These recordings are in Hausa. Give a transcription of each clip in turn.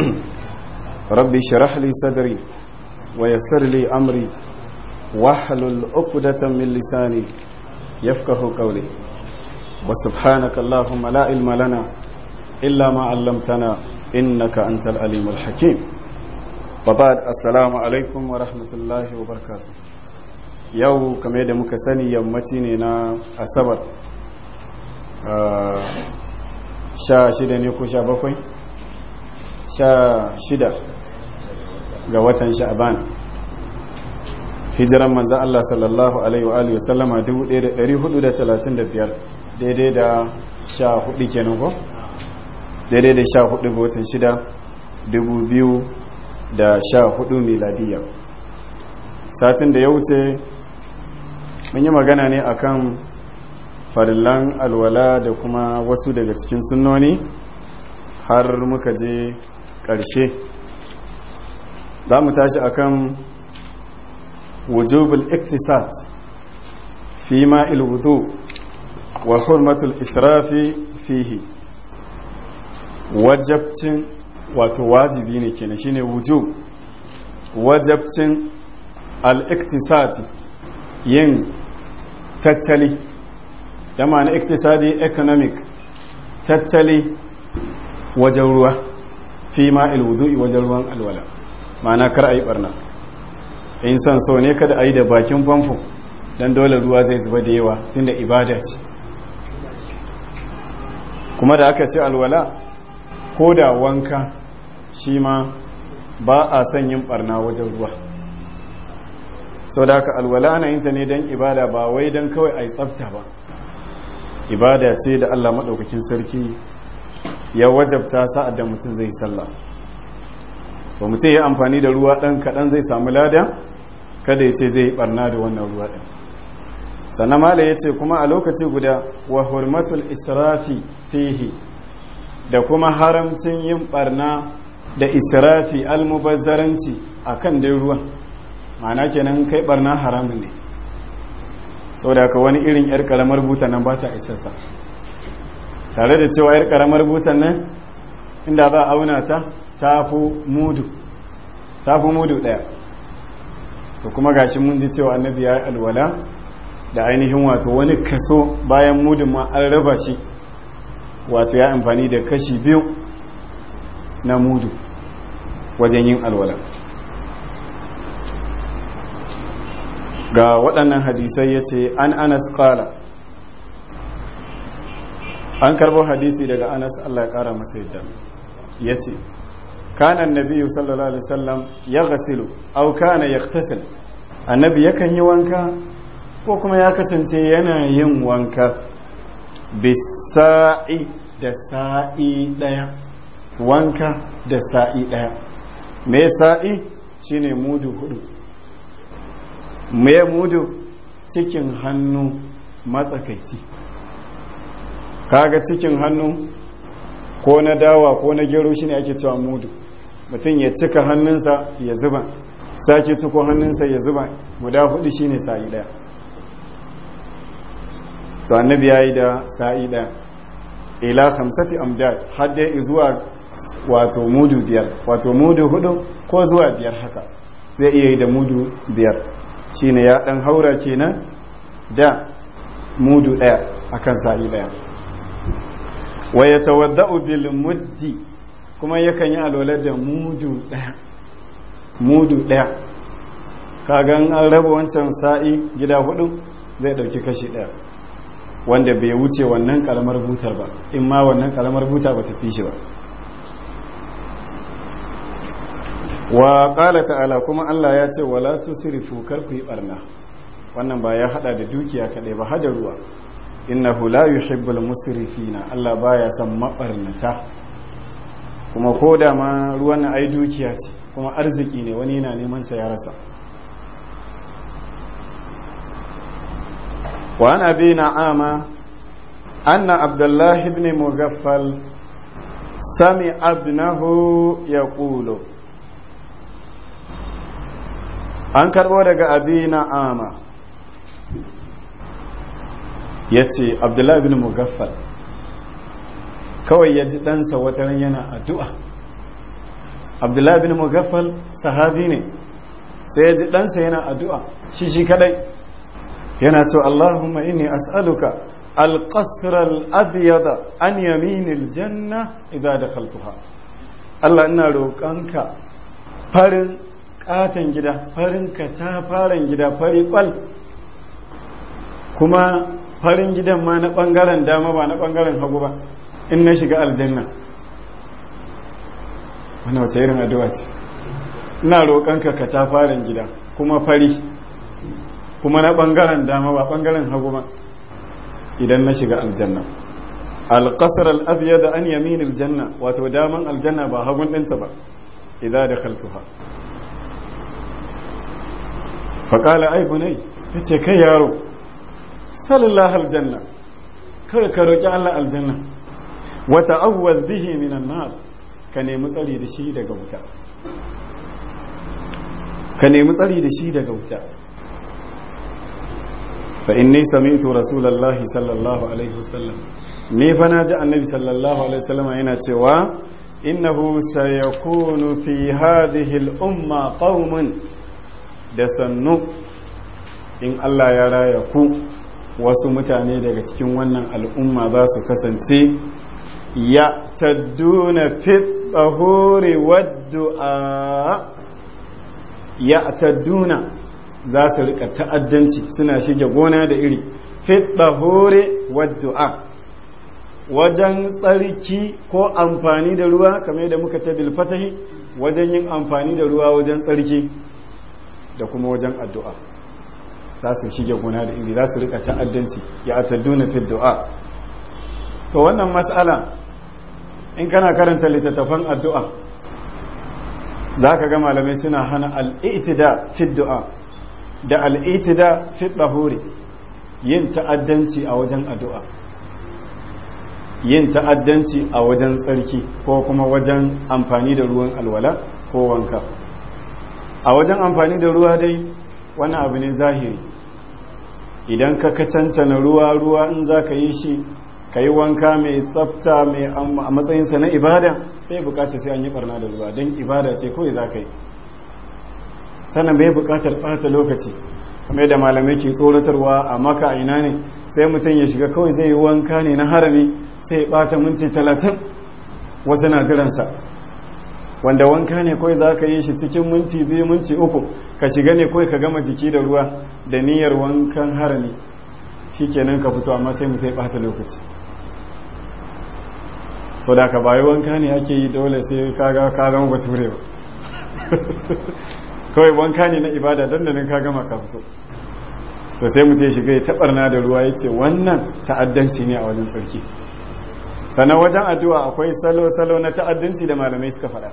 rabbi shirah li sadri wa yassir li amri wahlul uqdatan min lisani yafqahu qawli wa subhanaka allahumma la ilma lana illa ma 'allamtana innaka antal alimul hakim wa ba'd assalamu alaikum wa rahmatullahi wa barakatuh yau kamar da muka sani yammaci ne na asabar ah, sha shida ne ko sha bakwai sha shida ga watan sha'aban hijiran manzan Allah sallallahu Alaihi wasallama 1435 daidai da sha kenan ko? daidai da sha hudu ga watan shida dubu biyu da sha miladiya satin da ya wuce mun yi magana ne akan farillan alwala da kuma wasu daga cikin sunnoni har muka je ƙarshe za mu tashi akan wujubul iktisat fi ma'il wudu wa hurmatul israfi fihi wajabcin wato wajibi ne shi ne wujub wajabcin al-iktisati yin tattali yamma na iktisadi economic tattali wajen ruwa fi ma ilwudu'i wajen ruwan alwala ma'ana kar a yi barna in san so ne kada a yi da bakin famfo don dole ruwa zai zuba da yawa tunda ibada ce kuma da aka ce alwala ko da wanka shi ma ba a son yin barna wajen ruwa sau da aka alwala ana yin ta ne don ibada ba wai don kawai a yi tsafta ba ibada ce da allah maɗaukakin sarki ya wajabta sa'ad da mutum zai sallah ba mutum ya amfani da ruwa ɗan kaɗan zai samu lada kada ya ce zai yi ɓarna da wannan ruwa ɗin sannan mala ya ce kuma a lokaci guda wa hurmatul israfi fihi da kuma haramcin yin ɓarna da israfi almubazzaranci a kan dai ruwa ma'ana kenan kai ɓarna haramun ne sau da ka wani irin 'yar ƙaramar buta nan ba ta isarsa tare da cewa yar karamar butan nan inda za a auna ta tafi mudu tafi mudu daya to kuma gashi mun ji cewa annabi ya alwala da ainihin wato wani kaso bayan mudu ma an raba shi wato ya amfani da kashi biyu na mudu wajen yin alwala ga waɗannan hadisai ya ce an anas kala an karbo hadisi daga anas allah ya kara masa yadda ya ce kanan nabiyu sallallahu alaihi wasallam ya gasilu au kana yaktasil annabi yakan yi wanka ko kuma ya kasance yana yin wanka bisa'i da sa'i daya wanka da sa'i daya me sa'i shine mudu hudu me mudu cikin hannu matsakaici kaga cikin hannu ko na dawa ko na gero ne ake cewa mudu mutum ya cika hannunsa ya zuba sake ciko hannunsa ya zuba guda hudu shi ne sa'i daya to annabi yi da sa'i daya ila hamsati amdad har dai zuwa wato mudu biyar wato mudu hudu ko zuwa biyar haka zai iya yi da mudu biyar shine ya dan haura kenan da mudu daya akan sa'i daya wa ya tawadda'u bil muddi kuma yakan yi alwala da mudu daya mudu daya kagan an raba wancan sa'i gida hudu zai ɗauki kashi daya wanda bai wuce wannan karamar butar ba in ma wannan karamar buta ba ta fi shi ba wa ƙala ta'ala kuma Allah ya ce wala tusrifu kar ku yi barna wannan ba ya hada da dukiya kaɗai ba hada ruwa innahu la yuhibbul musrifina Allah baya son mabarnata kuma ko da ma ruwan ai dukiya ce kuma arziki ne wani yana neman sa ya rasa wa an na na'ama anna abdullahi ibn mughaffal sami abnahu yaqulu an karbo daga abi ama. ya ce abdullahi bin mugaffal kawai ya ji ɗansa wataran yana addu'a abdullahi bin mugaffal sahabi ne sai ya ji ɗansa yana addu'a shi shi kadai yana to allahumma inni as'aluka alƙasirar abiyada an yaminil janna idan da kaltuha allah ina ka farin katon gida farin ka ta gida fari ƙwal kuma farin gidan ma na bangaren dama ba na bangaren hagu ba in na shiga aljanna wani wata irin addu'a ce ina roƙonka ka ta farin gida kuma fari kuma na bangaren dama ba bangaren hagu ba idan na shiga aljanna alƙasar al'afiya da an yamin aljanna wato daman aljanna ba hagun ɗinsa ba idan da kaltuha faƙala ai bunai ya ce kai yaro sallallahu aljanna kar ka roki Allah aljanna wa ta'awwaz bihi minan nar ka nemi tsari da shi daga wuta ka nemi tsari da shi daga wuta fa inni sami'tu rasulullahi sallallahu alaihi wasallam ne fa na ji annabi sallallahu alaihi wasallam yana cewa innahu sayakunu fi hadhihi al-umma qauman da sannu in Allah ya raya ku wasu mutane daga cikin wannan al'umma za su kasance ya tadduna fit tsahuri ya tadduna za su rika ta'addanci suna shige gona da iri fit tsahuri wajen tsarki ko amfani da ruwa kamar da muka ce bilfatahi wajen yin amfani da ruwa wajen tsarki da kuma wajen addu'a za su shige gona da iri za su rika ta'addanci ya atadduna fi du'a to wannan mas'ala in kana karanta littattafan addu'a za ka ga malamai suna hana al'itida fi du'a da al'itida fi ɗahuri yin ta'addanci a wajen addu'a yin ta'addanci a wajen tsarki ko kuma wajen amfani da ruwan alwala ko wanka a wajen amfani da ruwa dai wani abu ne zahiri idan ka kacancana ruwa-ruwa in za ka yi shi ka yi wanka mai tsafta mai a matsayinsa na ibada sai bukata sai an yi barna da ruwa don ibada ce kawai za ka yi sannan bai bukatar bata lokaci kamar da malamai ke tsoratarwa a maka aina ne sai mutum ya shiga kawai zai yi wanka ne na harami sai bata minti talatin wasu na jiransa wanda wanka ne kawai za ka yi shi cikin minti biyu minti uku ka shiga ne kawai ka gama jiki da ruwa da niyyar wankan harami shi nan ka fito amma sai mu sai bata lokaci so da ka bayi wanka ne ake yi dole sai kaga ka zama bature ba kawai wanka ne na ibada don nan ka gama ka fito so sai mu ce shiga ya na da ruwa ya ce wannan ta'addanci ne a wajen tsarki sannan wajen addu'a akwai salo-salo na ta'addanci da malamai suka faɗa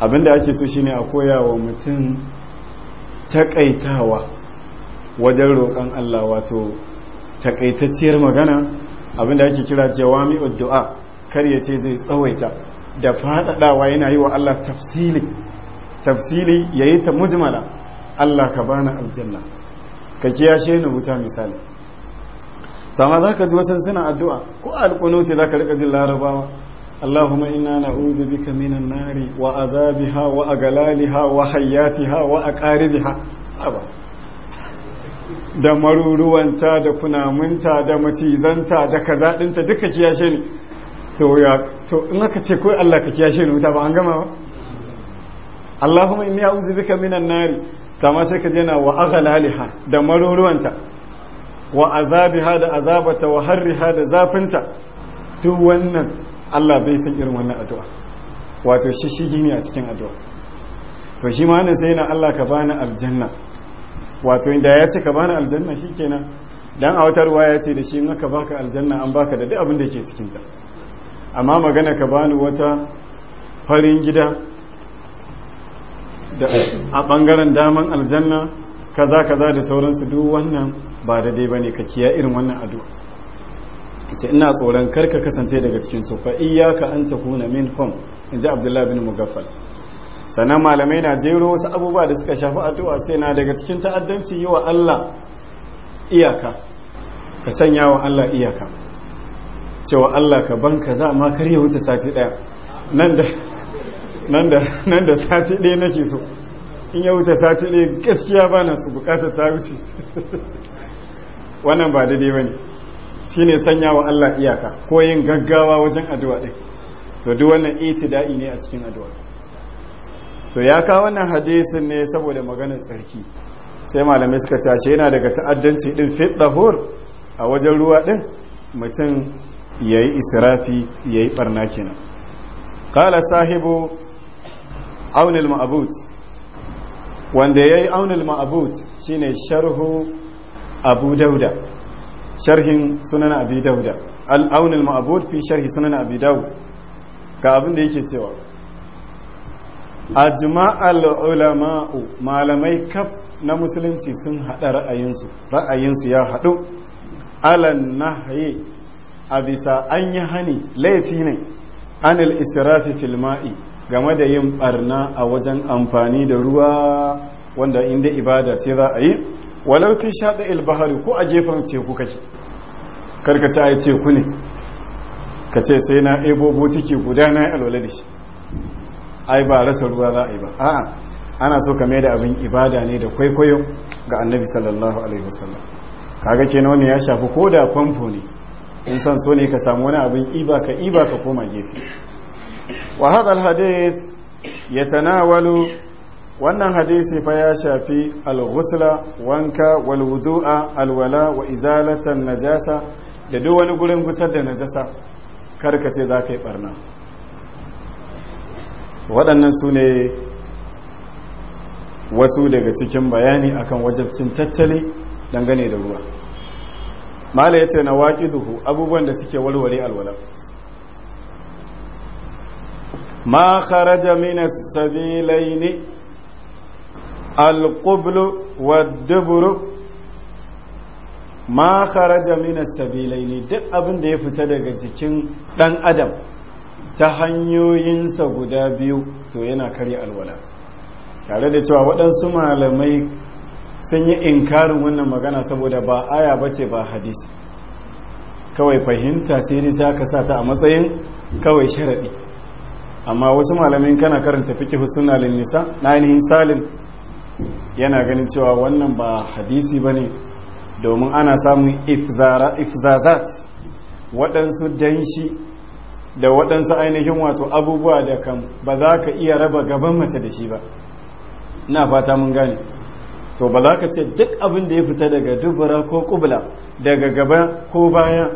abinda ake so shine a koya wa mutum takaitawa wajen roƙon Allah wato takaitacciyar magana abinda ake kira jawami du'a kar ya ce zai tsawaita da faɗaɗawa yana yi wa Allah tafsili tafsili yayi ta mujmala Allah ka bani aljanna ka kiyashe ni wuta misali sama za ka ji wasan suna addu'a ko alƙunuti za ka riƙa jin larabawa اللهم إنا نعوذ بك من النار وعذابها وأغلالها وحياتها وأقاربها أبا da maruruwanta da kunamunta da macizanta da kazaɗinta duka kiyashe ne to ya to in aka ce koi Allah ka kiyashe ne wuta ba an gama ba Allahumma inni a'udhu bika minan nari ta ma sai ka jena wa aghlaliha da maruruwanta wa azabiha da azabata wa harriha da zafinta duk wannan Allah bai san irin wannan addu'a wato shi shi ne a cikin addu'a to shi ma sai na Allah ka bani aljanna wato inda ya ce ka bani aljanna shi kenan don a wata ruwa ya ce da shi ka baka aljanna an baka da duk abin da ke cikin amma magana ka bani wata farin gida a ɓangaren daman aljanna kaza kaza da sauransu duk wannan ba da dai ba bane ka kiya irin wannan addu'a ce ina tsoron karka kasance daga cikin su fa iyyaka an takuna in inji abdullahi bin mugaffal sannan malamai na jero wasu abubuwa da suka shafi addu'a sai na daga cikin ta'addanci yi wa Allah iyaka ka sanya wa Allah iyaka cewa Allah ka ban za ma kar ya wuce sati daya nan da nan da nan da sati daya nake so in ya wuce sati daya gaskiya bana su bukatar ta wuce wannan ba daidai bane Shi ne sanya wa Allah iyaka ko yin gaggawa wajen addu'a din to duk wannan da'i ne a cikin addu'a to ya kawo wannan hadisin ne saboda maganar tsarki sai malamai suka cashe yana daga ta'addanci ɗin fit a wajen ruwa ɗin mutum yayi israfi yayi barna kenan Kala sahibu aunil ma'abut wanda yayi aunil ma'bud shine sharhu abu dauda sharhin sunan abi dauda al'aunin aun fi sharhi sunan abi daud ga abin da yake cewa a jima'ar ulama'u malamai kaf na musulunci sun hada ra'ayinsu ra'ayinsu ya hadu alan nahyi a bisa an yi hani laifi ne anil israfi filma'i game da yin barna a wajen amfani da ruwa wanda inda ibada ce za a yi walau fi shaɗa ilbahari ko a gefen teku kake karkata a yi teku ne ka ce sai na ebo take guda na yi alwale da shi ai ba rasa ruwa za a yi ba a'a ana so ka mai da abin ibada ne da kwaikwayo ga annabi sallallahu alaihi wasallam kaga kenan wani ya shafi ko da famfo ne in san so ne ka samu wani abin iba ka iba ka koma gefe wa ya tana yatanawalu wannan hadisi fa ya shafi al-ghusla wanka wal wudu'a alwala wa izalatan najasa da duk wani gurin gusar da najasa karkace za ka yi barna waɗannan su ne wasu daga cikin bayani akan wajabcin tattali dangane da ruwa mala ya ce na waƙi duhu abubuwan da suke walwale alwala ma kharaja minas sabilaini القبل والدبر ما خرج من السبيلين duk abin da ya fita daga jikin dan adam ta hanyoyinsa guda biyu to yana karya alwala tare da cewa waɗansu malamai sun yi inkarin wannan magana saboda ba aya ba ce ba hadisi kawai fahimta sai dai sai sa ta a matsayin kawai sharaɗi amma wasu malamai kana karanta fiqh sunna linnisa na ainihin salim yana ganin cewa wannan ba hadisi ba ne domin ana samun ifzazat waɗansu danshi da waɗansu ainihin wato abubuwa da kan ba za ka iya raba gaban mace da shi ba na fata mun gane to ba za ka ce duk abin da ya fita daga dubura ko kubla daga gaba ko baya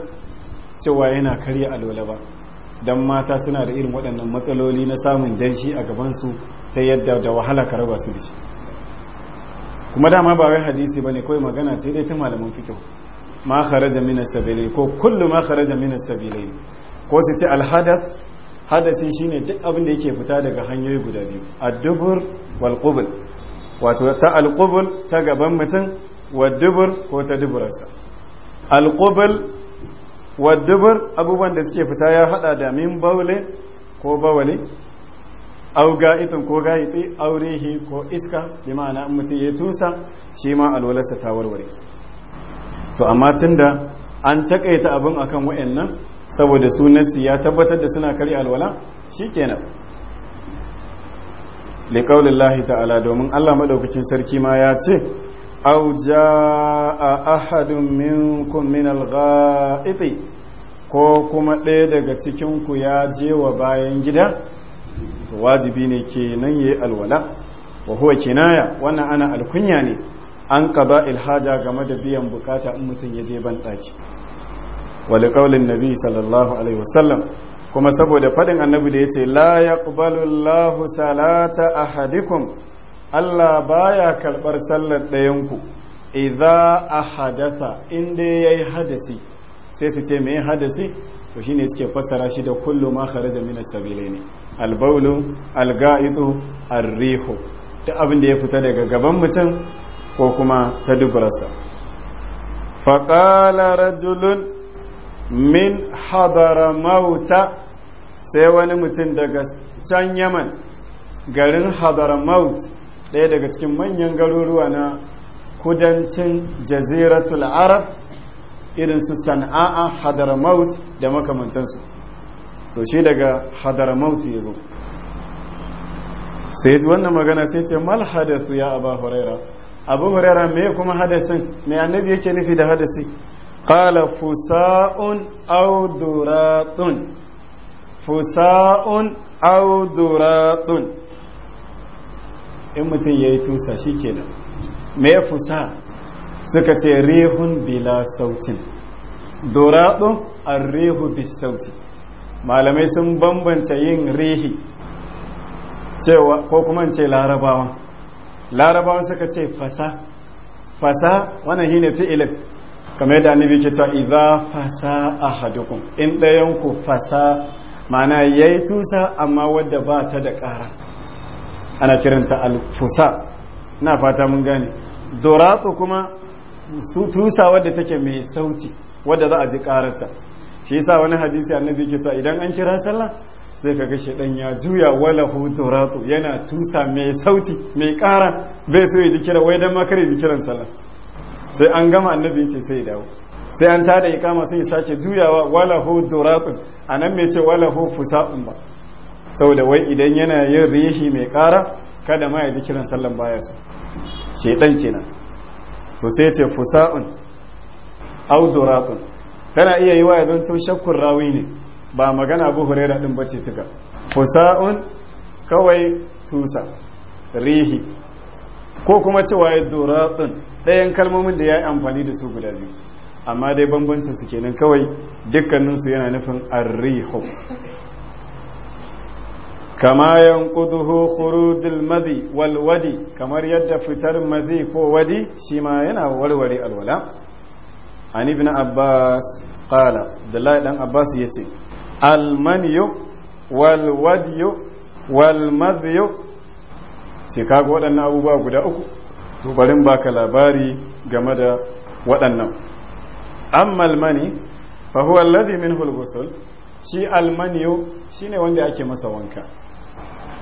cewa yana karya alola ba don mata suna da irin waɗannan matsaloli na samun danshi a gabansu ta yadda da wahala ka raba su da shi kuma dama ba wai hadisi bane kawai magana ce dai ta malamin fiqh ma kharaja min as-sabilay ko kullu ma kharaja min as-sabilay ko su ce al-hadath hadasi shine duk abin da yake fita daga hanyoyi guda biyu ad-dubur wal qubul wato ta al-qubul ta gaban mutum wa dubur ko ta duburarsa al-qubul dubur abubuwan da suke fita ya hada da min bawle ko bawale au ga'itin ko ga'iti aurehi ko iska bi ma'ana in mutum ya tusa shi ma alwalarsa ta warware to amma tunda an takaita abin akan wa'annan saboda su ya tabbatar da suna karya alwala shikenan li qaulillahi ta'ala domin Allah maɗaukakin sarki ma ya ce au a ahadun minkum min al ko kuma ɗaya daga cikinku ya je wa bayan gida wajibi ne ke kenan yi alwala wa huwa kinaya wannan ana alkunya ne an qada ilhaja game da biyan bukata in mutum ya je ban daki wal qaulin nabi sallallahu alaihi wasallam kuma saboda faɗin annabi da yace la yaqbalu Allahu salata ahadikum Allah baya karbar sallar ɗayanku idza ahadatha inda yayi hadasi sai su ce me hadasi to shine suke fassara shi da kullu ma kharaja min as-sabilaini albaulu alga'itu arrihu duk abin da ya fita daga gaban mutum ko kuma ta dubarsa faƙala rajulun min hadara mauta sai wani mutum daga can yaman garin hadara maut ɗaya daga cikin manyan garuruwa na kudancin jaziratul arab irin su sana'a hadara maut da makamantansu to shi daga hadarmaut ya zo sai wannan magana sai ce mal hadasu ya abu huraira abu huraira me kuma hadasin me annabi yake nufi da hadasi qala fusa'un aw duratun fusa'un aw duratun in mutum yayi tusa shikenan me fusa suka ce rihun bila sautin duratun arrihu bis sautin malamai sun bambanta yin rihi cewa ko kuma ce larabawa larabawa suka ce fasa fasa wannan ne fi'ilin kamar yadda annabi ke cewa idza fasa ahadukum in ɗayan ku fasa ma'ana yayi tusa amma wadda ba ta da ƙara ana kiranta alfusa na fata mun gane duratu kuma su tusa wadda take mai sauti wadda za a ji ƙararta shi yasa wani hadisi annabi yake cewa idan an kira sallah sai kaga shedan ya juya wala turatu yana tusa mai sauti mai ƙara bai so ya kira wai dan makare kare kiran sallah sai an gama annabi yace sai ya dawo sai an tada ikama sai ya sake juyawa wala turatu anan mai ce wala hu fusa'un ba saboda wai idan yana yin rihi mai ƙara kada ma ya kiran sallan baya so shedan kenan to sai ya ce fusa'un au duratun kana iya yi wa ya zanto shakkun rawi ne ba magana abu huraira din bace tuka fusa'un kawai tusa rihi ko kuma cewa ya duratsun ɗayan kalmomin da ya yi amfani da su guda biyu amma dai bambancin su kenan kawai dukkaninsu yana nufin arriho kama yanquduhu khurujul madhi wal wadi kamar yadda fitar mazi ko wadi shi ma yana warware alwala an ibn abbas qala da dan abbas yace al manyu wal wadyu wal waɗannan abubuwa guda uku to barin baka labari game da waɗannan amma almani mani fa huwa alladhi minhu shi al shine wanda ake masa wanka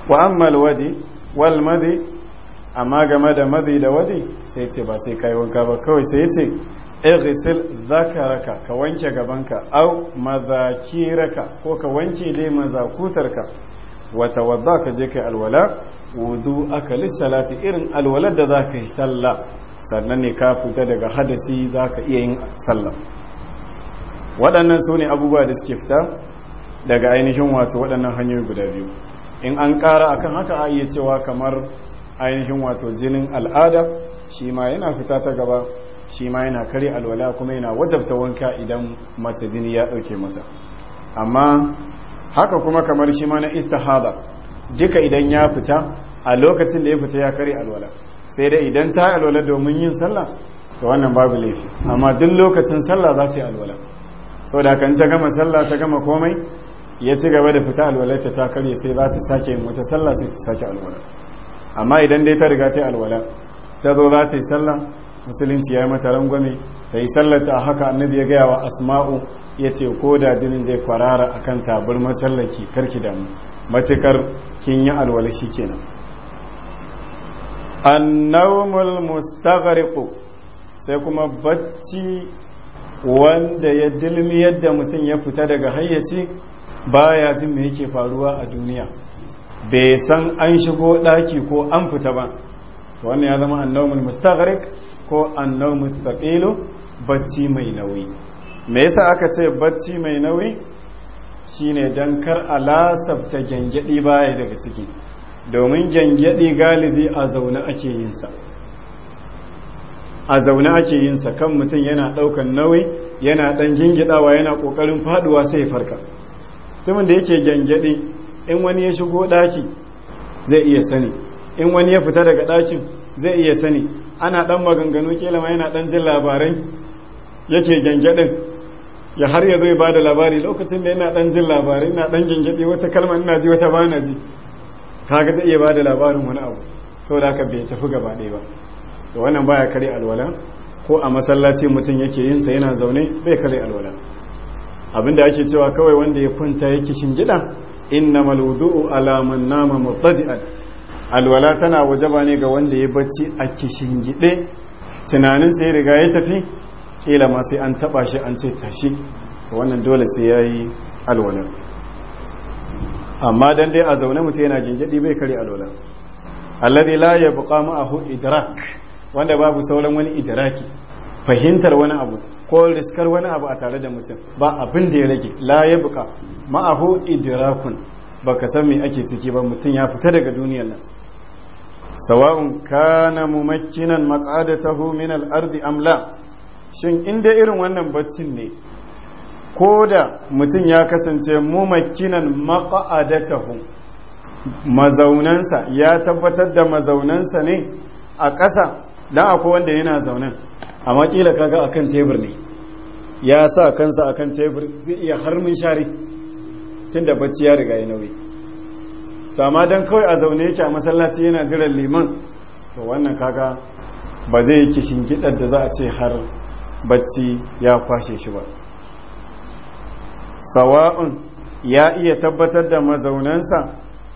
wa amma alwadi wal madhi amma game da madhi da wadi sai ce ba sai kai wanka ba kawai sai ce igsil zakaraka ka wanke gabanka au mazakiraka ko ka wanke dai mazakutarka wata wadda ka je kai alwala wudu aka lissalati irin alwalar da za ka yi sallah sannan ne ka fita daga hadasi za ka iya yin sallah waɗannan su ne abubuwa da suke fita daga ainihin wato waɗannan hanyoyi guda biyu in an ƙara akan haka a iya cewa kamar ainihin wato jinin al'ada shi ma yana fita ta gaba shi ma yana kare alwala kuma yana wajabta wanka idan mace jini ya dauke mata amma haka kuma kamar shi ma na istihada duka idan ya fita a lokacin da ya fita ya kare alwala sai dai idan ta alwala domin yin sallah to wannan babu laifi amma duk lokacin sallah za ta yi alwala saboda kan ta gama sallah ta gama komai ya ci gaba da fita alwalarta ta karye sai za ta sake yin wata sallah sai ta sake alwala amma idan dai ta riga ta yi alwala ta zo za ta yi sallah musulunci ya yi mata rangwame ta yi sallata a haka annabi ya gaya wa asma'u ya ce ko da jinin zai kwarara a kan tabar masallaki karki damu matukar kin yi alwala shi kenan annawmul mustaghriqu sai kuma bacci wanda ya dilmi yadda mutum ya fita daga hayyaci baya jin me yake faruwa a duniya bai san an shigo daki ko an fita ba wannan ya zama annawmul mustaghriq ko annawmu thaqilu bacci mai nauyi me yasa aka ce bacci mai nauyi shine dan kar a lasafta gyangyaɗi baya daga ciki domin gyangyaɗi galibi a zaune ake yin sa a zaune ake yin sa kan mutum yana ɗaukan nauyi yana ɗan gingidawa yana ƙoƙarin faɗuwa sai farka Tun da yake gyangyaɗi in wani ya shigo daki zai iya sani in wani ya fita daga ɗakin zai iya sani ana ɗan maganganu kila ma yana dan jin labarai yake gyangyaɗin ya har ya zai ya bada labari lokacin da yana dan jin labarai na dan gyangyaɗi wata kalma ina ji wata ba na ji kaga zai iya bada labarin wani abu da ka bai tafi gaba ɗaya ba to wannan baya kare alwala ko a masallaci mutum yake yin sa yana zaune bai kare alwala abinda ake cewa kawai wanda ya kunta yake shingida innamal wudu'u ala man nama mubtadi'an alwala tana wajaba ne ga wanda ya bacci a kishin gide tunanin sai riga ya tafi kila ma sai an taba shi an ce tashi to wannan dole sai yayi alwala amma dan dai a zaune mutum yana jinjidi bai kare alwala alladhi la yabqa ma'ahu idrak wanda babu sauran wani idraki fahimtar wani abu ko riskar wani abu a tare da mutum ba abin da ya rage la yabqa ma'ahu idrakun baka san me ake ciki ba mutum ya fita daga duniyar nan sawa'un kana mumakkinan maq'adatahu min al-ardi am la shin inda irin wannan baccin ne ko da mutum ya kasance mumakkinan maq'adatahu mazaunansa ya tabbatar da mazaunansa ne a ƙasa dan akwai wanda yana zaunan amma kila kaga akan tebur ne ya sa kansa akan tebur zai iya har mun share tunda bacci ya riga ya nauyi to amma dan kawai a zaune yake a masallaci yana jiran liman to wannan kaga ba zai yake shingidar da za a ce har bacci ya kwashe shi ba sawa'un ya iya tabbatar da mazaunansa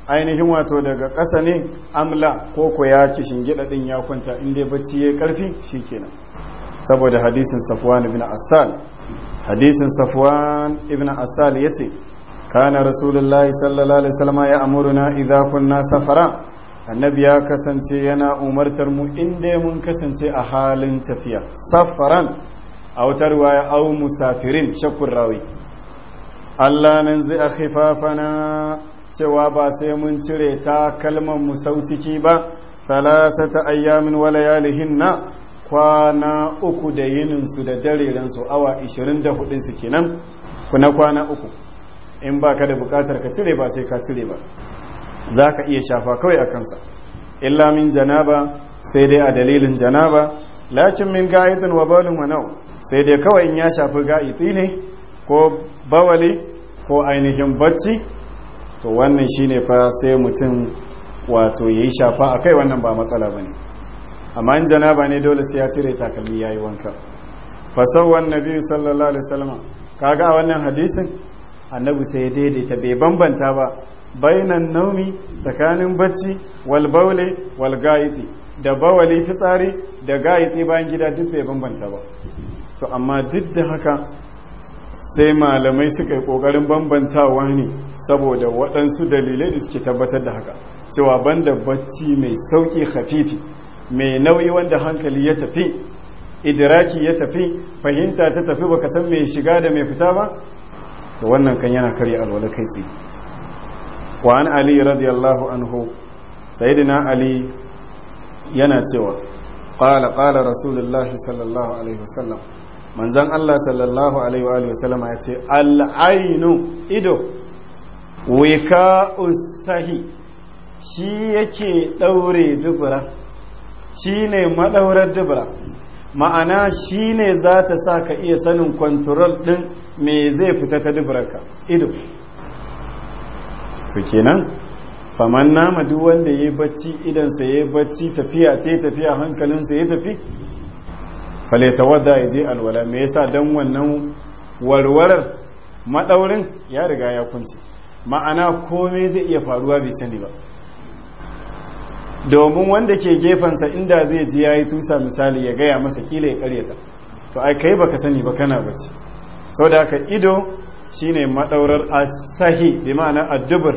ainihin wato daga ƙasa ne amla ko ko ya shingida din ya kwanta inda bacci ya karfi shikenan saboda hadisin safwan ibn asal hadisin safwan ibn asal ce. kana رسول الله صلى الله ya وسلم يأمرنا إذا كنا annabi ya kasance yana umartar mu inda mun kasance a halin tafiya safaran a wata ruwaya au musafirin shakkun rawi Allah nan zai a cewa ba sai mun cire ta kalmar mu ciki ba salasata ayyamin wa layalihinna kwana uku da yininsu da darerensu awa 24 su kenan kuna kwana uku in ba ka da bukatar ka cire ba sai ka cire ba za ka iya shafa kawai a kansa illa min janaba sai dai a dalilin janaba lakin min ga'itin wa balin wa nau sai dai kawai in ya shafi ga'idi ne ko bawali ko ainihin bacci to wannan shine fa sai mutum wato yayi shafa a kai wannan ba matsala bane amma in janaba ne dole sai ya cire takalmi yayi wanka fa sawwan nabi sallallahu alaihi wasallam kaga wannan hadisin annabi sai ya daidaita bai bambanta ba bainan naumi tsakanin bacci wal baule wal gaiti da bawali fitsari da gaiti bayan gida duk bai bambanta ba to amma duk da haka sai malamai suka yi kokarin bambantawa ne saboda waɗansu dalilai da suke tabbatar da haka cewa banda bacci mai sauƙi hafifi mai nauyi wanda hankali ya tafi idiraki ya tafi fahimta ta tafi baka san mai shiga da mai fita ba to wannan kan yana karya alwala kai tsaye wa an ali radiyallahu anhu sayyidina ali yana cewa qala qala rasulullahi sallallahu alaihi wasallam manzon Allah sallallahu alaihi wa sallama ya ce al-ainu ido wika usahi shi yake daure dubura shi ne madaurar dubura ma'ana shi ne za ta sa ka iya sanin kwanturol ɗin me zai fita ta dubarka ido su kenan faman nama duk wanda ya yi bacci idansa ya bacci tafiya ta tafiya hankalinsa ya tafi faleta wadda ya je alwala me yasa don wannan warwarar maɗaurin ya riga ya kunci ma'ana komai zai iya faruwa bai sani ba domin wanda ke gefensa inda zai ji ya yi tusa misali ya gaya masa kila ya karyata to ai kai baka sani ba kana bacci sau da aka ido shine madaurar asahi bi ma'ana addubur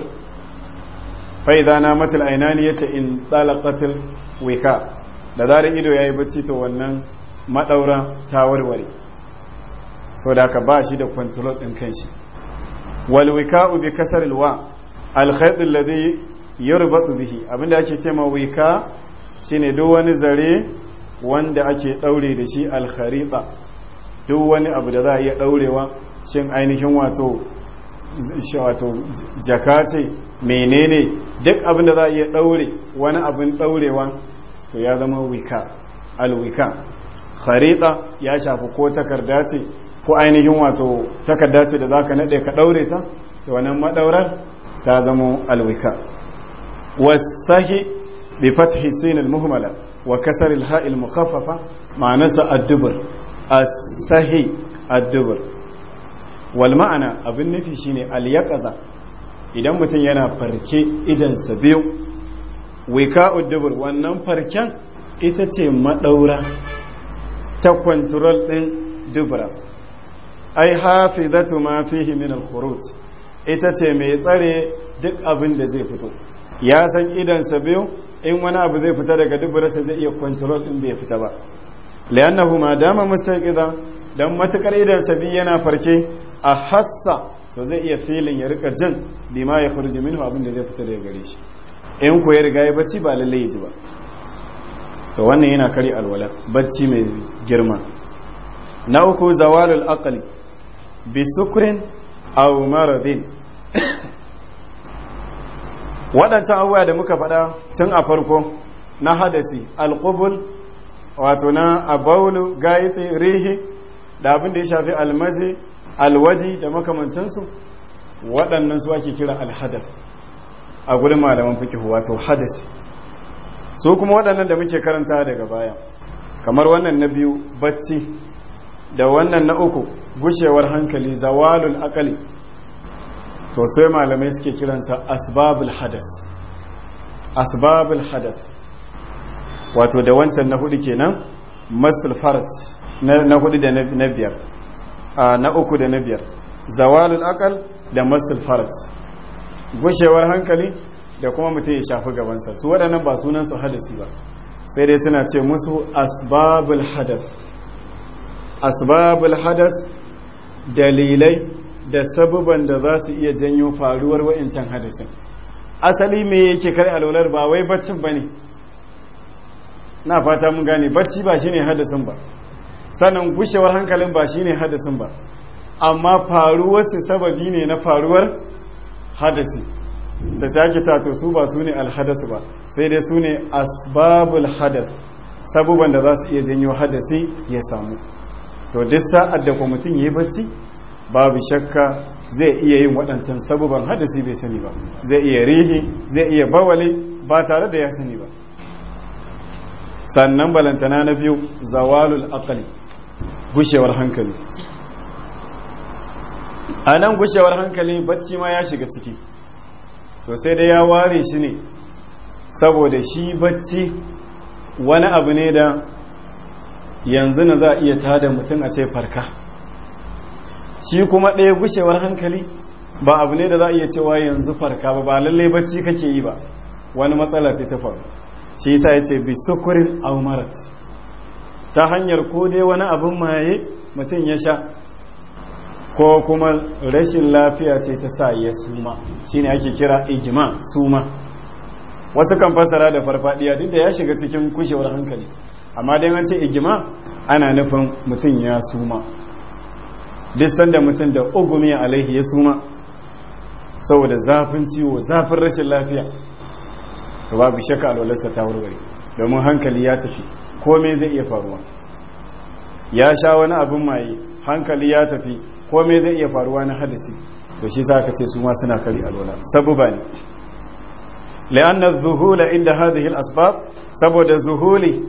fa'iza na matil ainani ce in talaqatil wika da zarar ido ya yi bacci to wannan madaura ta warware sau da aka ba shi da control din kanshi wal wika bi kasril wa da zai yi rubatu bihi abinda ake ma wika shine duk wani zare wanda ake ɗaure da shi al duk wani abu da za a iya daurewa shin ainihin wato jaka ce menene duk abin da za a iya daure wani abin daurewa to ya zama wika alwika kharita ya shafi ko takarda ce ko ainihin wato takarda ce da zaka nade ka daure ta to wannan madaurar ta zama alwika wasahi bi fathi sin almuhmala wa kasr alha almukhaffafa ma'anasa ad as-sahi ad-dubur wal ma'ana abin nufi shine al-yaqaza idan mutum yana farke idansa biyu wika'ud dubur wannan farken ita ce madaura ta kwanturol din dubura ai hafizatu ma fihi min al ita ce mai tsare duk abin da zai fito ya san idansa biyu in wani abu zai fita daga duburarsa zai iya kwanturol din bai fita ba li'annahu ma dama mustaqiza dan matukar idan sabi yana farke a hassa to zai iya filin ya rika jin bima ya khurju minhu abin da zai fita daga gare shi in ko ya riga ya bacci ba lalle ya ba to wannan yana kari alwala bacci mai girma na uku zawalul aqli bi sukrin aw maradin waɗancan abubuwa da muka faɗa tun a farko na hadasi alqubul wato na abaulu gaiti rihi da abin da ya shafi almazi alwaji da makamantansu waɗannan su ake kira alhadas a gurin malaman fikihu wato hadasi su kuma waɗannan da muke karanta daga baya kamar wannan na biyu bacci da wannan na uku gushewar hankali zawalul akali to sai malamai suke kiransa asbabul hadas asbabul hadas wato da wancan na hudu kenan masul farat na hudu da na biyar na uku da na biyar zawalul akal da masul farat gushewar hankali da kuma mutum ya shafi gabansa su waɗannan ba sunan su hadasi ba sai dai suna ce musu asbabul hadas asbabul hadas dalilai da sabuban da za su iya janyo faruwar wa'incan hadasin asali me yake kar alwalar ba wai baccin ba ne na fata mun gane bacci ba shine hadasin ba sannan gushewar hankalin ba shine hadasin ba amma faruwar su sababi ne na faruwar hadasi da take ta to su ba su ne alhadas ba sai dai su ne asbabul hadas sabuban da za su iya janyo hadasi ya samu to duk sa'ad da ku mutum yayi bacci babu shakka zai iya yin waɗancan sabuban hadasi bai sani ba zai iya rihi zai iya bawali ba tare da ya sani ba sannan balantana na biyu zawalul aqali gushewar hankali a nan gushewar hankali bacci ma ya shiga ciki sosai sai dai ya ware shi ne saboda shi bacci wani abu ne da yanzu na za a iya tada mutum a ce farka shi kuma ɗaya gushewar hankali ba abu ne da za a iya cewa yanzu farka ba ba lallai bacci kake yi ba wani matsala ce ta faru shi yasa yace bi sukurin aumarat ta hanyar ko dai wani abin maye mutum ya sha ko kuma rashin lafiya ce ta sa ya suma shine ake kira ijima suma wasu kan fassara da farfadiya duk da ya shiga cikin kushewar hankali amma dai an ce ijima ana nufin mutum ya suma duk sanda mutum da ugumi alaihi ya suma saboda zafin ciwo zafin rashin lafiya to babu shakka alwalarsa ta warware domin hankali ya tafi komai zai iya faruwa ya sha wani abin maye hankali ya tafi komai zai iya faruwa na hadisi to shi za ka ce su ma suna kari alwala sabuba ne la'anna zuhula inda hadhihi al-asbab saboda zuhuli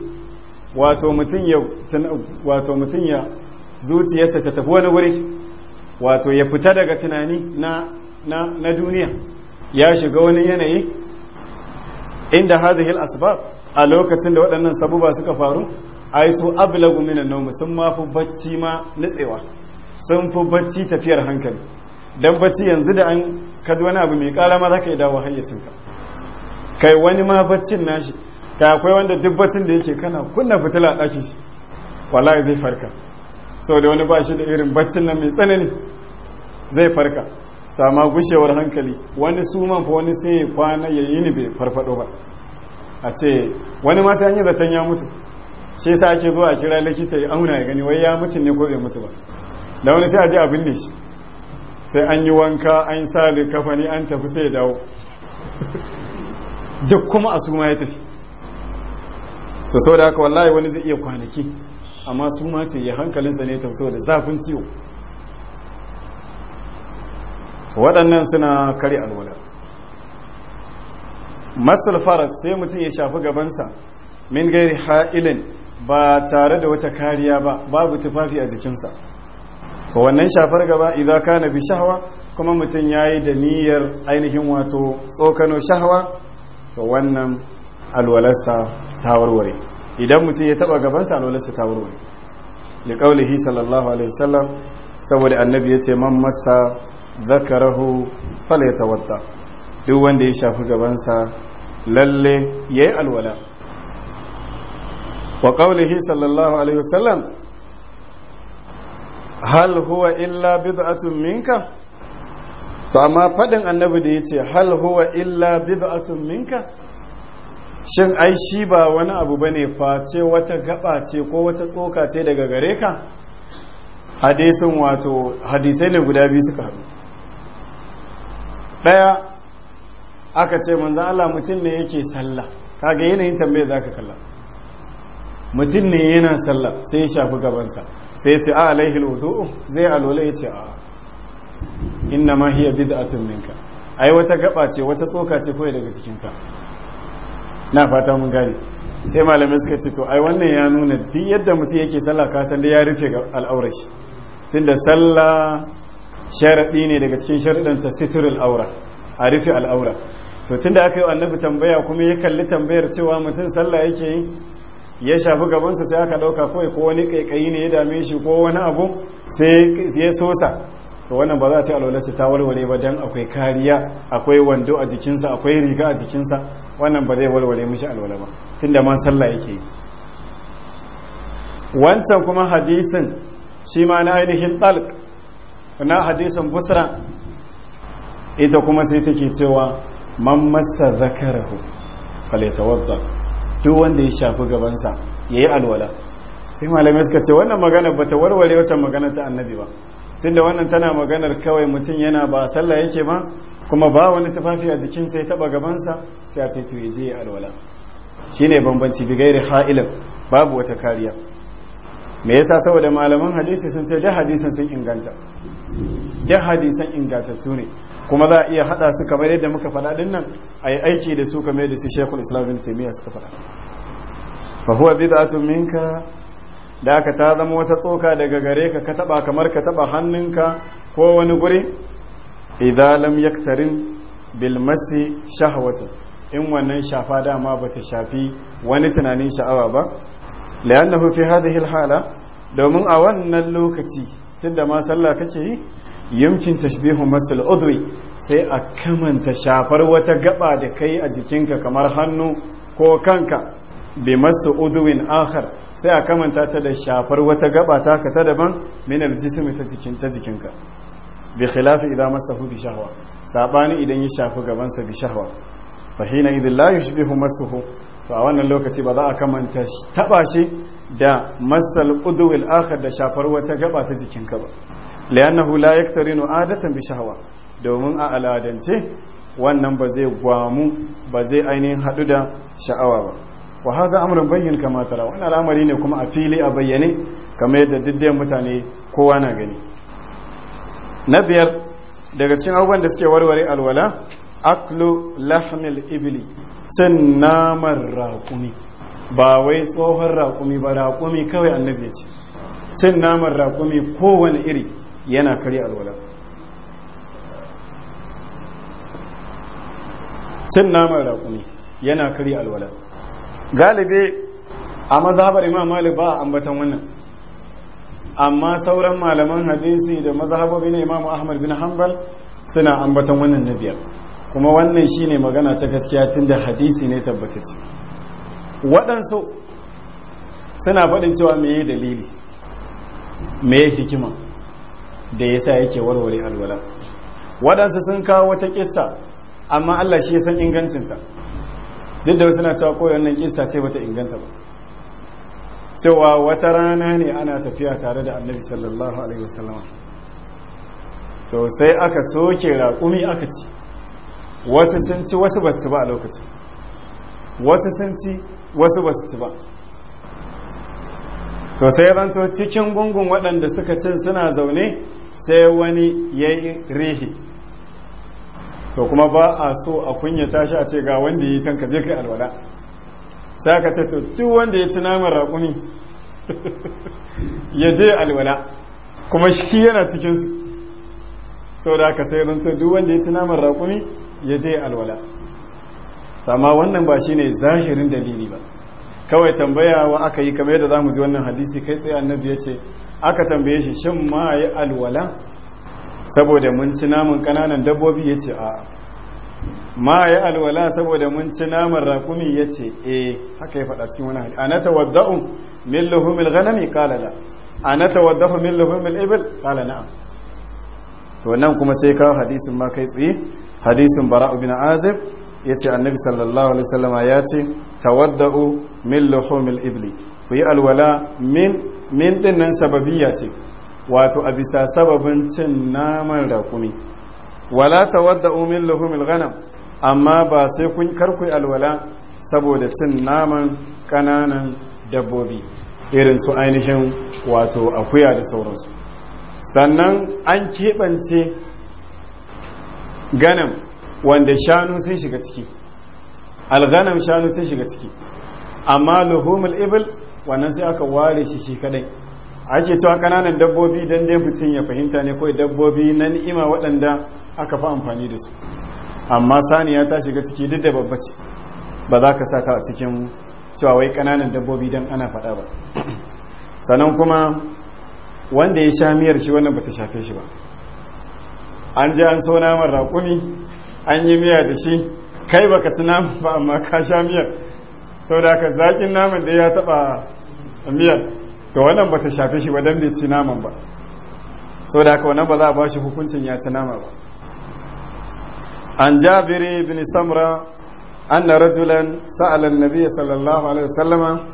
wato mutun ya wato mutun ya zuciyarsa ta tafi wani wuri wato ya fita daga tunani na na na duniya ya shiga wani yanayi inda hadhihi al-asbab a lokacin da waɗannan sabuba suka faru ai su ablagu min an sun ma fi bacci ma nutsewa sun fi bacci tafiyar hankali dan bacci yanzu da an kaji wani abu mai kara ma zaka yi dawo hayyacinka kai wani ma baccin nashi ta akwai wanda duk baccin da yake kana kunna fitila a ɗakin shi wallahi zai farka saboda wani ba shi da irin baccin nan mai tsanani zai farka sama gushewar hankali wani suman fa wani sai kwana ya yi ni bai farfado ba a ce wani ma sai an yi zaton ya mutu shi sa ake zuwa a kira likita ya auna ya gani wai ya mutu ne ko bai mutu ba da wani sai a je a binne shi sai an yi wanka an sa kafani an tafi sai dawo duk kuma a suma ya tafi to da haka wallahi wani zai iya kwanaki amma suma ce ya hankalinsa ne tafi da zafin ciwo waɗannan suna kare alwala masul farad sai mutum ya shafi gabansa min gairi ha'ilin ba tare da wata kariya ba babu tufafi a jikinsa to wannan shafar gaba idza kana bi shahwa kuma mutum yayi da niyyar ainihin wato tsokano shahwa to wannan alwalarsa ta warware idan mutum ya taba gabansa alwalarsa ta warware li qaulihi sallallahu alaihi wasallam saboda annabi yace man massa zakarahu falyatawadda duk wanda ya shafi gabansa lalle yayi alwala wa qawlihi sallallahu alaihi wasallam hal huwa illa bid'atun minka to amma fadin annabi da yace hal huwa illa bid'atun minka shin ai shi ba wani abu bane face wata gaba ce ko wata tsoka ce daga gare ka hadisin wato hadisai ne guda biyu suka haɗu daya aka ce manzan Allah mutum ne yake sallah kaga yanayin tambayar za ka kalla mutum ne yana sallah sai ya shafi gabansa sai ya ce a alaihi lodo zai alola ya ce a inna ma hiya bid'atun minka ai wata gaba ce wata tsoka ce kawai daga cikinka na fata mun gane sai malamai suka ce to ai wannan ya nuna duk yadda mutum yake sallah ka san da ya rufe al'aurashi tun tunda sallah sharaɗi ne daga cikin ta sitirul aura a rufe al'aura to tun da aka yi annabi tambaya kuma ya kalli tambayar cewa mutum sallah yake yi ya shafi gabansa sai aka ɗauka kawai ko wani ƙaiƙayi ne ya dame shi ko wani abu sai ya sosa to wannan ba za ta yi alwala ta walwale ba don akwai kariya akwai wando a jikinsa akwai riga a jikinsa wannan ba zai walwale mishi alwala ba tun da ma sallah yake yi wancan kuma hadisin shi ma na ainihin talq na hadisan busra ita kuma sai take cewa man massa zakarahu wadda duk wanda ya shafi gabansa ya yi alwala sai malamai suka ce wannan magana ba ta warware wata magana ta annabi ba tunda wannan tana maganar kawai mutum yana ba sallah yake ba kuma ba wani tufafi a jikinsa ya taba gabansa sai a ce to ya je alwala shine bambanci bi gairi ha'ilan babu wata kariya me yasa saboda malaman hadisi sun ce da hadisan sun inganta da hadisan ingantattu ne kuma za a iya hada su kamar yadda muka faɗa din nan a yi aiki da su kamar yadda su shekul islam bin taimiyya suka faɗa fa huwa bid'atun minka da aka ta zama wata tsoka daga gare ka ka taba kamar ka taba hannunka ko wani guri idza lam yaktarin bil masi shahwatu in wannan shafa dama bata shafi wani tunanin sha'awa ba la'annahu fi hadhihi hilhala domin a wannan lokaci tunda ma sallah kake yi yumkin tashbihu masal udwi sai a kamanta shafar wata gaba da kai a jikinka kamar hannu ko kanka bi masu udwin akhar sai a kamanta ta da shafar wata gaba ta ka daban min aljismi ta jikin ta jikinka bi khilafi idan masahu bi shahwa sabani idan ya shafi gabansa bi shahwa fa hina idan la yushbihu to a wannan lokaci ba za a kamanta taba shi da masal udwil akhar da shafar wata gaba ta jikinka ba li'annahu la yaktarinu adatan bi shahwa domin a aladance wannan ba zai gwamu ba zai ainihin hadu da sha'awa ba wa hadha amrun bayyin kama tara wannan al'amari ne kuma a fili a bayyane kamar yadda diddiyan mutane kowa na gani na biyar daga cikin abubuwan da suke warware alwala aklu lahmil ibili. cin namar raƙumi ba wai tsohon raƙumi ba raƙumi kawai annabi ya ce cin namar raƙumi kowane iri yana kari alwala cin namar raƙumi yana kari alwala galibi a mazhabar imam malik ba a ambatan wannan amma sauran malaman hadisi da mazhabobi na imam ahmad bin hanbal suna ambatan wannan na biyar kuma wannan shine magana ta gaskiya tun da hadisi ne tabbatacce waɗansu suna faɗin cewa meye dalili meye hikima da yasa yake warware alwala waɗansu sun kawo wata kissa amma Allah shi ya san ingancinta duk da wasu na cewa koyon nan kissa ce bata inganta ba cewa wata rana ne ana tafiya tare da annabi sallallahu alaihi wasallama to sai aka soke raƙumi aka ci wasu sun ci wasu ba su ci ba a lokacin wasu sun ci wasu ba su ci ba to sai ranto cikin gungun waɗanda suka cin suna zaune sai wani ya yi rihi to kuma ba a so a kunya tashi a ce ga wanda yi tanka ka je kai alwala sai aka ce to duk wanda ya ci naman raƙumi ya je alwala kuma shi yana cikinsu sau da aka sai ranto duk wanda ya ci naman raƙumi ya je alwala sama wannan ba shine zahirin dalili ba kawai tambaya wa aka yi kamar yadda zamu ji wannan hadisi kai tsaye annabi ya ce aka tambaye shi shin ma yi alwala saboda mun ci namun kananan dabbobi ya ce a ma yi alwala saboda mun ci namun rakumi ya ce e haka ya faɗa cikin wani hadisi ana tawadda'u min luhumil ghanami qala la ana tawadda'u min luhumil ibil qala na'am to nan kuma sai ka hadisin ma kai tsaye hadisin bara bin azib ya ce annabi sallallahu alaihi sallama ya ce tawadda'u min luhumil ibli ku yi alwala min min dinnan sababiyya ce wato a bisa sababin cin naman rakumi wala tawadda'u min luhumil ghanam amma ba sai kun karku alwala saboda cin naman kananan dabbobi irin su ainihin wato akuya da sauransu sannan an keɓance ganam wanda shanu sun shiga ciki alganam shanu sun shiga ciki amma luhumul ibil wannan sai aka ware shi shi kadai ake cewa kananan dabbobi dan dai mutum ya fahimta ne kawai dabbobi na ni'ima waɗanda aka fi amfani da su amma saniya ta shiga ciki duk da babba ce ba za ka sa ta a cikin cewa wai kananan dabbobi dan ana faɗa ba sannan kuma wanda ya sha miyar shi wannan ba ta shafe shi ba an ji an so naman raƙumi an yi miya da shi kai ka ci naman ba amma ka sha miyar da haka zaƙin naman da ya taɓa miyar to wannan ba ta shafe shi ba dan bai ci naman ba sau da haka wannan ba za a ba shi hukuncin ya ci nama ba an jabiri bin samra An na rajulan na annabi sallallahu alaihi wasallam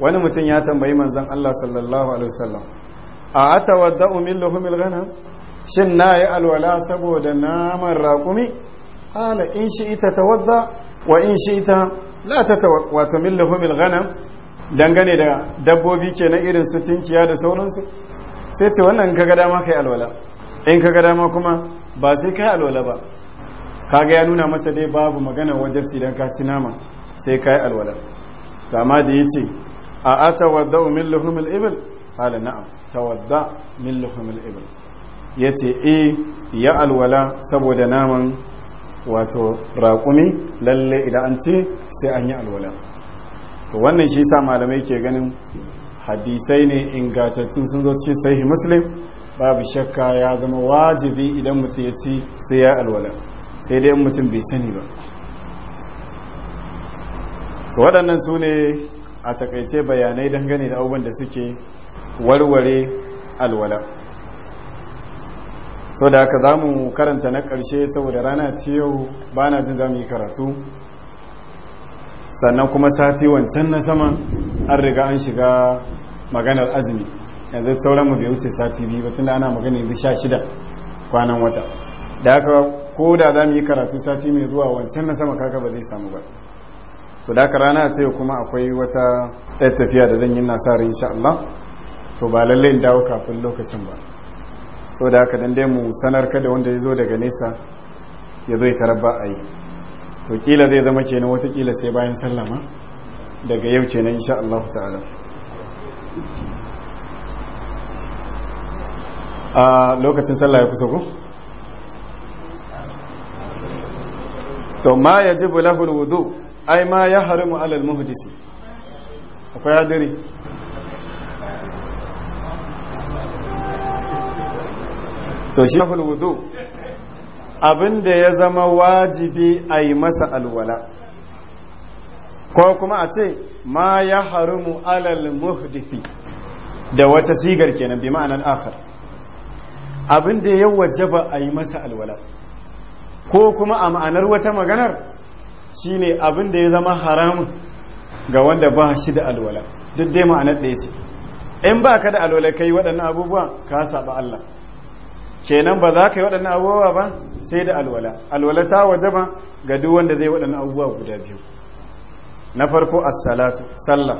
wani mutum ya tambayi manzon Allah sallallahu alaihi wasallam a atawadda'u min lahumil ghanam shin na yi alwala saboda naman raƙumi ƙala in shi ita ta wadda wa in shi ita la ta ta wato mil lahumil ghanam dangane da dabbobi ke na irin su tinkiya da sauransu sai ce wannan kaga dama kai alwala in kaga dama kuma ba sai kai alwala ba kaga ya nuna masa dai babu magana wajarci idan ka ci nama sai kai alwala ta ma da yace a atawadda min lahumil ibil qala na'am tawadda min lahumil ibil ya ce e ya alwala saboda naman wato raƙumi lalle idan an ce sai an yi alwala to wannan shi sa malamai ke ganin hadisai ne ingatattu sun zo cikin sahihi muslim babu shakka ya zama wajibi idan mutum ya ci sai ya alwala sai dai mutum bai sani ba to waɗannan su ne a takaice bayanai dangane da abubuwan da suke warware alwala so da haka za mu karanta na ƙarshe saboda rana ta yau ba na jin za mu yi karatu sannan kuma sati wancan na saman an riga an shiga maganar azumi yanzu sauran mu bai wuce sati biyu ba tunda ana magana yanzu sha shida kwanan wata da aka ko da za mu yi karatu sati mai zuwa wancan na sama kaka ba zai samu ba to da haka rana ta yau kuma akwai wata ɗaya tafiya da zan yi nasarar insha Allah to ba lallai in dawo kafin lokacin ba sau da haka dai mu sanar kada wanda ya zo daga nesa ya zo ya tarabba a yi to kila zai zama kenan watakila sai bayan sallama daga yau kenan insha Allah ta'ala a lokacin sallah ya kusa ku to ma ya ji lahu wudu ai ma ya harimu alal muhudisi akwai hadiri to shi wudu abin ya zama wajibi a yi masa alwala ko kuma a ce ma ya harumu alal muhdithi da wata sigar kenan bi ma'anan akhar abin da ya wajaba a yi masa alwala ko kuma a ma'anar wata maganar shine abin da ya zama haramun ga wanda ba shi da alwala duk dai ma'anar ɗaya ce in ba ka da alwala kai waɗannan abubuwa ka saba Allah kenan ba za ka yi waɗannan abubuwa ba sai da alwala alwala ta wajaba ga duk wanda zai waɗannan abubuwa guda biyu na farko as-salatu sallah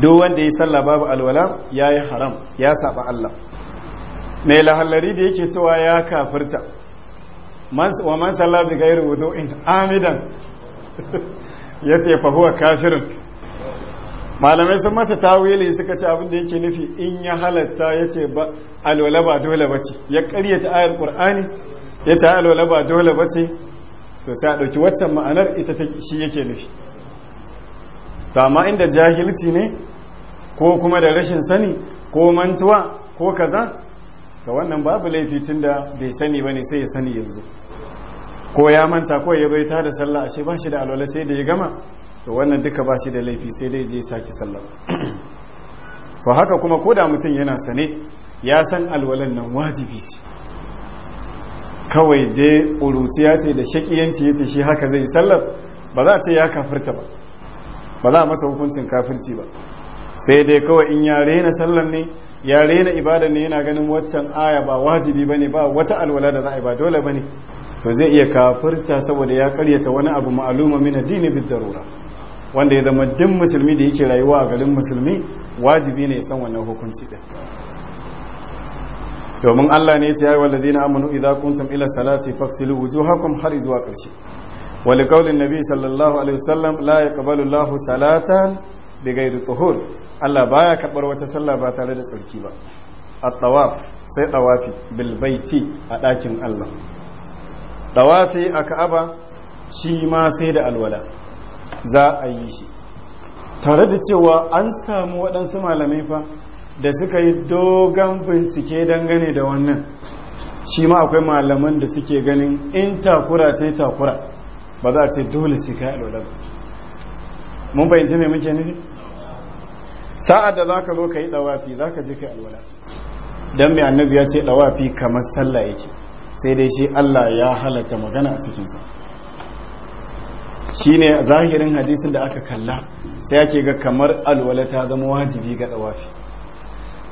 duk wanda yi sallah babu alwala ya yi haram ya saba Allah mai lahallari da yake cewa ya kafirta wa man sallah bi gairu wudu'in amidan yace fa huwa kafirun malamai sun masa tawili suka ce abin da yake nufi in ya halatta ya ce alwala ba dole ba ce ya ta ayar qur'ani ya ta alwala ba dole ba ce to sai a ɗauki waccan ma'anar ita ta shi yake nufi to amma inda jahilci ne ko kuma da rashin sani ko mantuwa ko kaza ga wannan babu laifi tun da bai sani ba ne sai ya sani yanzu ko ya manta ko ya bai ta da sallah ashe ba shi da alwala sai da ya gama to wannan duka ba shi da laifi sai dai je saki sallah to haka kuma ko da mutum yana sane ya san alwalan nan wajibi ce kawai je ƙuruciya ce da shaƙiyanci ya ce shi haka zai sallar ba za a ce ya kafirta ba ba za a masa hukuncin kafirci ba sai dai kawai in ya rena sallar ne ya rena ibada ne yana ganin waccan aya ba wajibi ba ne ba wata alwala da za a yi ba dole ba ne to zai iya kafirta saboda ya karyata wani abu ma'aluma min addini bid darura wanda ya zama duk musulmi da yake rayuwa a garin musulmi wajibi ne san wannan hukunci din domin Allah ne ya yi ya walladina amanu idza kuntum ila salati faqsilu wujuhakum har zuwa karshe Wani kaulin nabi sallallahu alaihi wasallam la yaqbalu Allahu salatan bighairi tuhur Allah baya karbar wata sallah ba tare da tsarki ba at-tawaf sai tawafi bil a ɗakin Allah tawafi a Ka'aba shi ma sai da alwala za a yi shi tare da cewa an samu waɗansu malamai fa da suka yi dogon bincike dangane da wannan shi ma akwai malaman da suke ganin in takura ta yi takura ba za a ce dole su kai alwada ba mun fahimci mai muke nufi sa'ad da za ka zo ka yi ɗawafi za ka je ka alwada don mai annabi ya ce ɗawafi kamar sallah yake sai dai shi allah ya halatta magana a cikinsa shine zahirin hadisin da aka kalla sai ake ga kamar alwala ta zama wajibi ga dawafi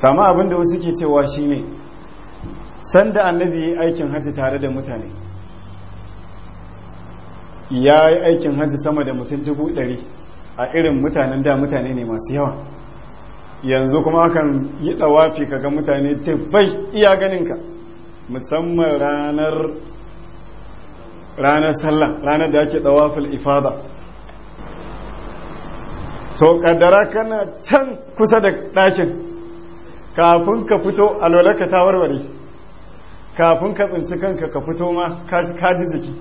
sama abin da wasu ke cewa shine sanda annabi aikin hajji tare da mutane ya yi aikin hajji sama da mutum dubu ɗari a irin mutanen da mutane ne masu yawa yanzu kuma akan yi ɗawafi kaga mutane tabbai iya ganinka musamman ranar ranar sallah ranar da ake dawafil ifada to kaddara kana can kusa da ɗakin kafin ka fito alwalarka ta warware kafin ka tsinci kanka ka fito ma ka ji jiki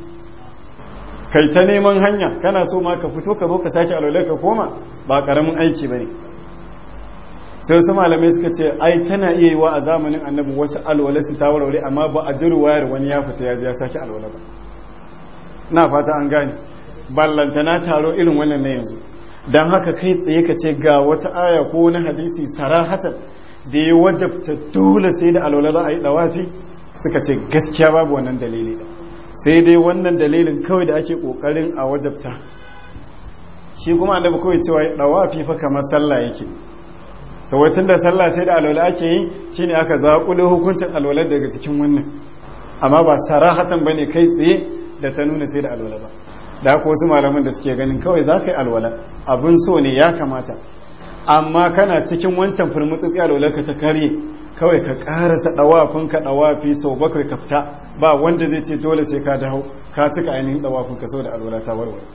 kai ta neman hanya kana so ma ka fito ka zo ka sake ka koma ba karamin aiki ba ne sai su malamai suka ce ai tana iya yi wa a zamanin annabi wasu alwalarsu ta warware amma ba a ji wayar wani ya fita ya ji ya sake alwala ba na fata an gane na taro irin wannan na yanzu don haka kai tsaye ka ce ga wata aya ko wani hadisi sarahatan da ya wajabta dole sai da alwala za a yi dawafi suka ce gaskiya babu wannan dalili sai dai wannan dalilin kawai da ake kokarin a wajabta shi kuma annabi kawai cewa ya dawafi fa kamar sallah yake sai tun da sallah sai da alwala ake yi shine aka zaƙulo hukuncin alwala daga cikin wannan amma ba sarahatan ne kai tsaye da ta nuna sai da alwala ba da ko wasu malaman da suke ganin kawai za ka yi alwala abin so ne ya kamata amma kana cikin wancan firmutsitsi alwala ka ta karye kawai ka karasa dawafin ka dawafi sau bakwai ka fita ba wanda zai ce dole sai ka dawo ka cika ainihin dawafin ka da alwala ta warware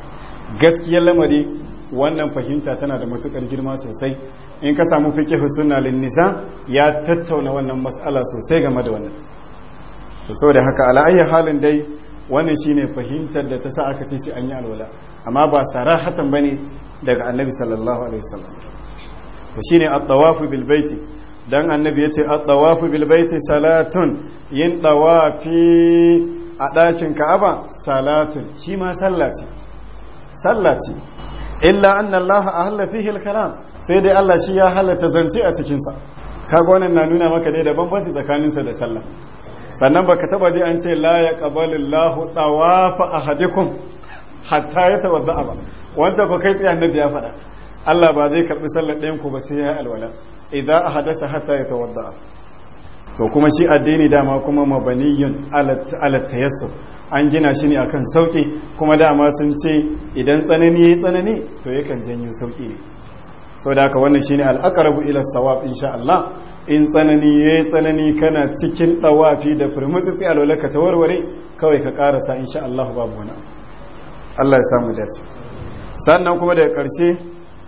gaskiyar lamari wannan fahimta tana da matukar girma sosai in ka samu fiqh sunna lin nisa ya tattauna wannan mas'ala sosai game da wannan to da haka ala halin dai wannan shine fahimtar da ta sa aka ce sai an yi alwala amma ba sarahatan ne daga annabi sallallahu alaihi wasallam to shine at-tawafu bil baiti dan annabi ya ce tawafu bil baiti salatun yin tawafi a dakin ka'aba salatun shi ma Sallaci illa anna Allah ahalla fihi al sai dai Allah shi ya halatta zance a cikinsa sa kaga wannan na nuna maka dai da bambanci tsakaninsa da sallah sannan baka taba ji an ce la ya qabalu Allahu tawafa ahadikum hatta ya ba wanda ku kai tsaye annabi ya faɗa Allah ba zai karbi sallar ɗayan ku ba sai ya alwala idza ahadasa hatta ya to kuma shi addini dama kuma mabaniyun ala tayassur an gina shi ne akan sauki kuma dama sun ce idan tsanani ya tsanani to yakan janyo sauki ne sau da haka wannan shine al'akarabu ila sawab insha Allah in tsanani ya yi tsanani kana cikin ɗawafi da firmutsitsi a ka ta warware kawai ka ƙarasa in sha Allah babu wani Allah ya samu dace sannan kuma daga ƙarshe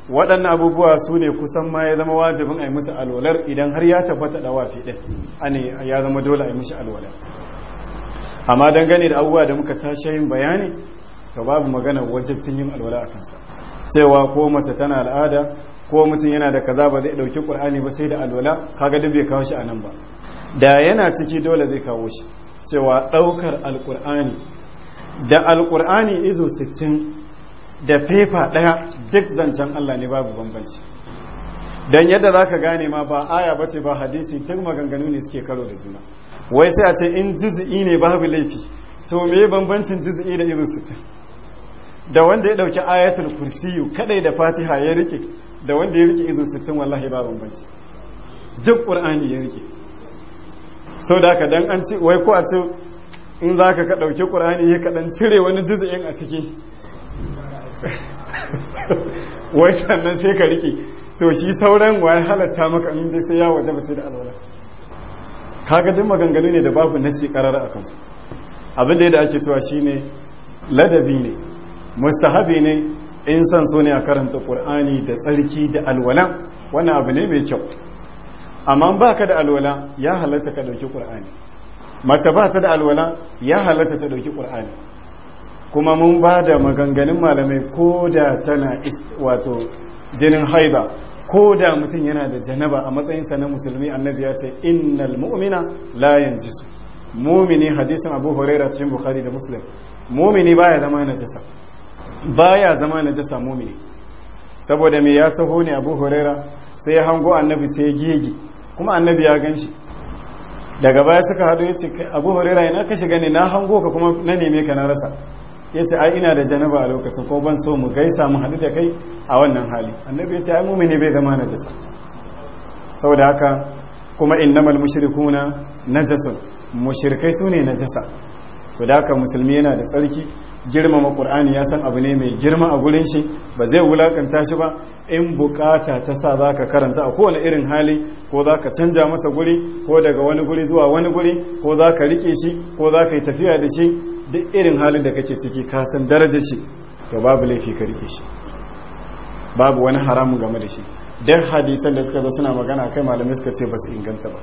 waɗannan abubuwa su ne kusan ma ya zama wajibin a yi musu alwalar idan har ya tabbata ɗawafi ɗin ne ya zama dole a yi musu alwalar amma dangane da abubuwa da muka tashi yin bayani to babu magana wajibcin yin alwala a kansa cewa ko mace tana al'ada ko mutum yana da kaza ba zai dauki qur'ani ba sai da alwala kaga duk bai kawo shi nan ba da yana ciki dole zai kawo shi cewa daukar alqur'ani da alqur'ani izo 60 da fefa daya duk zancen Allah ne babu bambanci dan yadda zaka gane ma ba aya bace ba hadisi duk maganganu ne suke karo da juna wai sai a ce in juz'i ne babu laifi to me bambancin juz'i da izo 60 da wanda ya dauki ayatul kursiyu kadai da fatiha ya rike da wanda ya rike izo 60 wallahi ba bambanci duk qur'ani ya rike sau da dan an ci wai ko a ce in za ka ɗauki ƙur'ani ya kaɗan cire wani jizayen a ciki wai sannan sai ka riƙe to shi sauran wai halatta maka in dai sai ya waje ba sai da alwala kaga duk maganganu ne da babu nasi karara a kansu abin da ake cewa shine ladabi ne mustahabi ne in san so ne a karanta ƙur'ani da tsarki da alwala wannan abu ne mai kyau amma ba ka da alwala ya halatta ka ɗauki ƙur'ani mace ba ta da alwala ya halatta ta ɗauki ƙur'ani kuma mun ba da maganganun malamai ko da tana wato jinin haiba ko da mutum yana da janaba a matsayinsa na musulmi annabi ya ce innal mu'mina la yanjisu mumini hadisin abu huraira cikin bukhari da muslim mumini baya zama najasa baya zama na jasa mumini saboda me ya taho ne abu huraira sai ya hango annabi sai ya gege kuma annabi ya gan shi daga baya suka hadu ya ce abu huraira ina ka shiga ne na hango ka kuma na neme ka na rasa ya ce ai ina da janaba a lokacin ko ban so mu gaisa mu haɗu da kai a wannan hali annabi ya ce ai mumini bai zama na sau saboda haka kuma innamal mushrikuna najasun mushrikai su ne najasa to da haka musulmi yana da tsarki girmama qur'ani ya san abu ne mai girma a gurin shi ba zai wulakanta shi ba in buƙata ta sa za ka karanta a kowane irin hali ko za ka canja masa guri ko daga wani guri zuwa wani guri ko za ka riƙe shi ko ka yi tafiya da shi duk irin halin da kake ciki ka san darajar shi to babu laifi ka rike shi babu wani haramun game da shi duk hadisan da suka zo suna magana kai malamai suka ce ba su inganta ba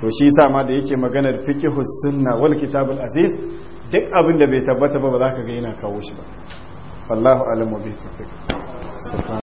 to shi yasa ma da yake maganar fiqhus sunna wal kitabul aziz duk abin da bai tabbata ba ba za ka ga yana kawo shi ba wallahu alamu